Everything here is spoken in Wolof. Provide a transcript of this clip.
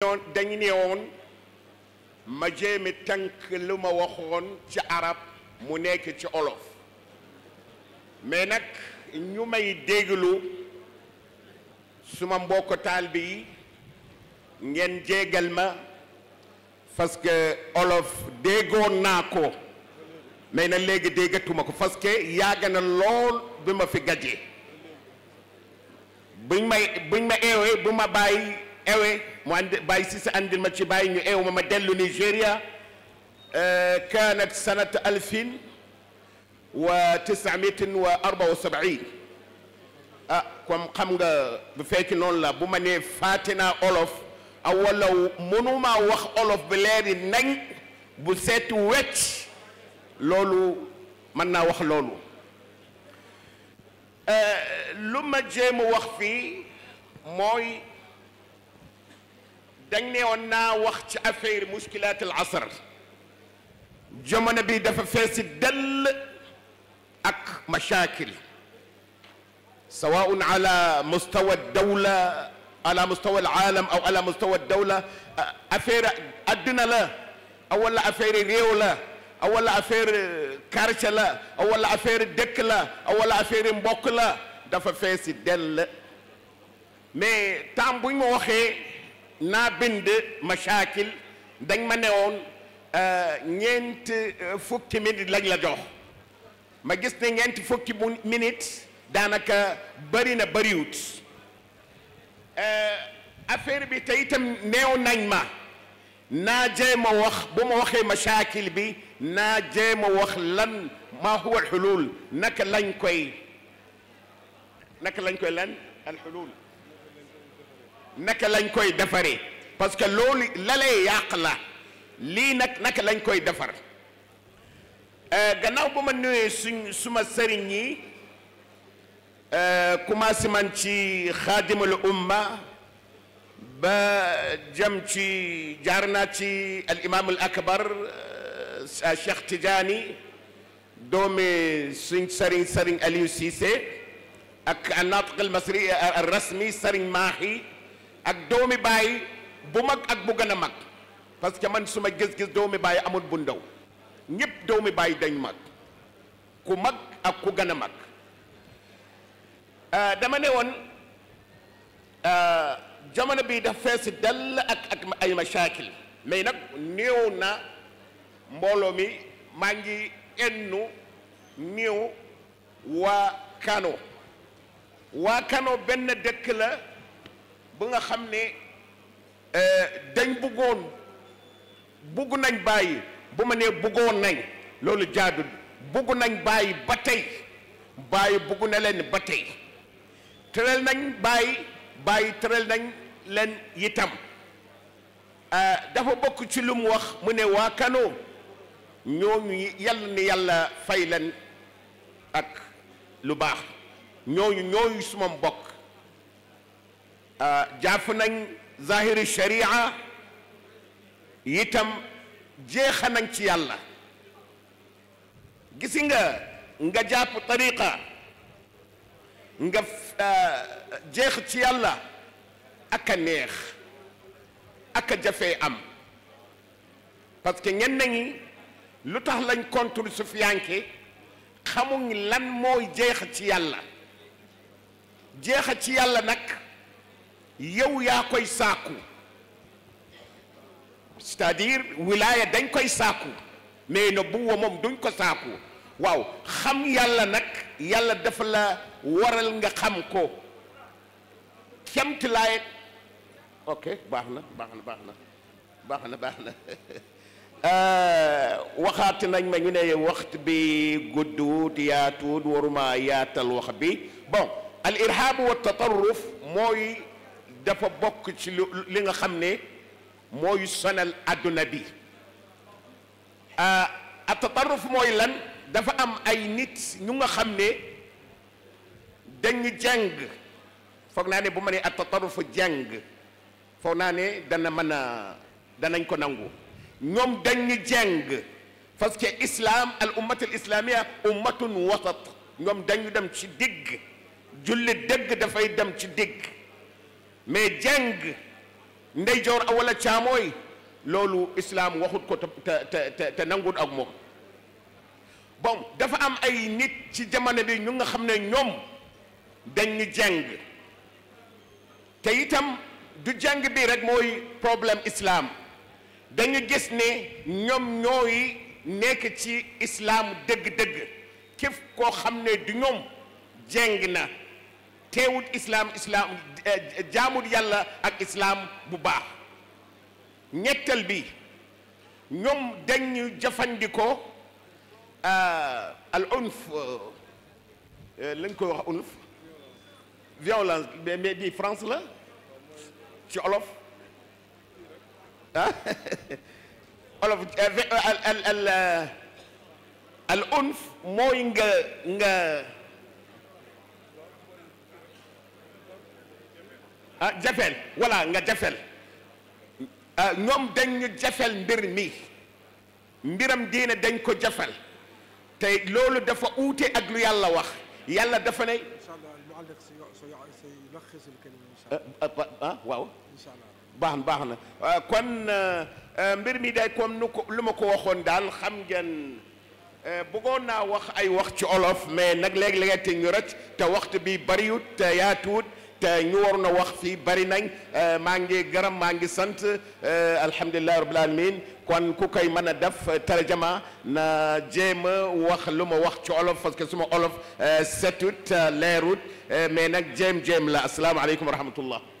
dañ ne ma jéemi tànk lu ma waxoon ci arab mu nekk ci olof mais nag ñu may déglu suma mbokk taal bi ngeen jégal ma parce que olof déggoon naa ko mais na léegi déggatuma ko parce que yàgg na lool bi ma fi gajee buñ may buñ ma eewee bu ma bàyyi ewe mu andi bàyyi si sa andil ma ci bàyyi ñu ew ma ma dellu Nigéria euh, kaanat sanata alfin wa tisamitin wa arba wa sabiin ah, xam nga bu fekki noonu la bu ma nee fàtte naa olof a wala mënuma wax olof bi leeri bu seetu wet loolu mën naa wax loolu euh, lu ma jéem wax fii mooy dañ ne woon wax ci affaire muskilaat al asr jamono bi dafa feesi dell ak machaakil sawaun ala mustawa dawla ala ala mustawa dawla affaire addina la aw wala affaire réew la aw wala affaire quartier la aw wala affaire dëkk la aw wala affaire mbokk dafa feesi dell mais temps buñ ma waxee naa bind mashakil dañ ma newoon euh, ñeent euh, fukki minute lañ la jox ma gis ne ñeent fukki minute daanaka bëri na bëriwut euh, affaire bi te itam neew nañ ma naa jéem a wax bu ma waxee bi naa jéem a wax lan maa huwa alxulul naka lañ koy naka lañ koy lan alxulul naka lañ koy defare parce que loolu la lay yàq la lii nag naka lañ koy defar euh, gannaaw ba ma suñ suma sëriñ yi euh, commencé man ci xaadimal umma ba jëm ci jaar naa ci al imaamul akbar euh, Cheikh Tidiane doomi suñ sëriñ sëriñ Aliou Cissé ak an al masri al rasmi sëriñ Mahi ak doomi baay bu mag ak bu gën a mag parce que man suma gis-gis doomi baay amul bu ndaw ñëpp doomi baay dañ mag ku mag ak ku gën a mag euh, dama ne woon euh, jamono bi daf fees dell ak ak ay machaakil mais nag néew na mbooloo mi maa ngi ennu néew waa Kano waa Kano benn dëkk la ba nga xam ne euh, dañ bëggoon bëgg nañ bàyyi bu ma nee bëggoon nañ loolu jaadu bëgg nañ bàyyi ba tey bàyyi bëgg na leen ba tey tëral nañ bàyyi bàyyi tëral nañ leen itam euh, dafa bokk ci lu mu wax mu ne waa Kano ñooñu yàlla ni yàlla fay leen ak lu baax ñooñu ñooyu suma mbokk jàpp nañ zahiri sharia itam jeexa nañ ci yàlla gisi nga nga jàpp tariqa nga euh, jeex ci yàlla ak neex ak jafe am parce que ñenn ñi lu tax lañ contre sufiyanke xamuñ lan mooy jeex ci yàlla jeex ci yàlla nag yow yaa koy sàkku c'est-à-dire dañ koy sàkku mais nubuwa moom duñ ko sàkku waaw xam yàlla nag yàlla dafa la waral nga xam ko kemtilaay ok baax na baax na baax na baax na baax na euh, waxaat nañ ma ñu ne waxtu bi guddut yaatut waruma yaatal wax bi bon al irhaabu wa tatarruf mooy dafa bokk ci li nga xam ne mooy sonal àdduna bi euh, a tatarruf mooy lan dafa am ay nit ñu nga xam ne dañu jàng foog naa ne bu ma nee a tatarruf jàng foog naa ne dana mën a danañ ko nangu ñoom dañ dañu jàng parce que islam al ummat al islamia ummatun wasat ñoom dañu dem ci digg julli dëgg dafay dem ci digg mais jàng ndeyjoor wala caamooy loolu islaam waxut ko te te te nangut ak moom bon dafa am ay nit ci jamono bi ñu nga xam ne ñoom dañu jàng te itam du jàng bi rek mooy problème islaam dañu gis ne ñoom ñooy nekk ci islaam dëgg-dëgg képp koo xam ne du ñoom jàng na teewut islaam islaam eh, eh, jaamut yàlla ak islaam bu baax ñetteel bi ñoom dañu jëfandikoo euh, al unf euh, euh, lañ unf violence mais bi France la ci olof ah eh, al unf mooy nga ah jafeel voilà nga jafel ah, ñoom dañ ñu jafeel mbir mi mbiram diine dañ ko jafeel te loolu dafa uute ak lu yàlla wax yàlla dafa ne ah, ah, ah waaw baax na baax na kon mbir mi day comme lu ma ko waxoon daal xam ngeen bëggoon naa wax ay wax ci olof mais nag léeg-léeg te ñu rëcc te waxtu bi bariwut te yaatuwut te euh, ñu waroon wax fii bari nañ euh, maa ngi gërëm maa ngi sant euh, alhamdulilah rabbil alamin kon ku koy mën a def tarjama na jéem a wax lu ma wax ci olof parce que suma olof setut leerut mais nag jéem jéem la asalaamaaleykum wa rahmatullah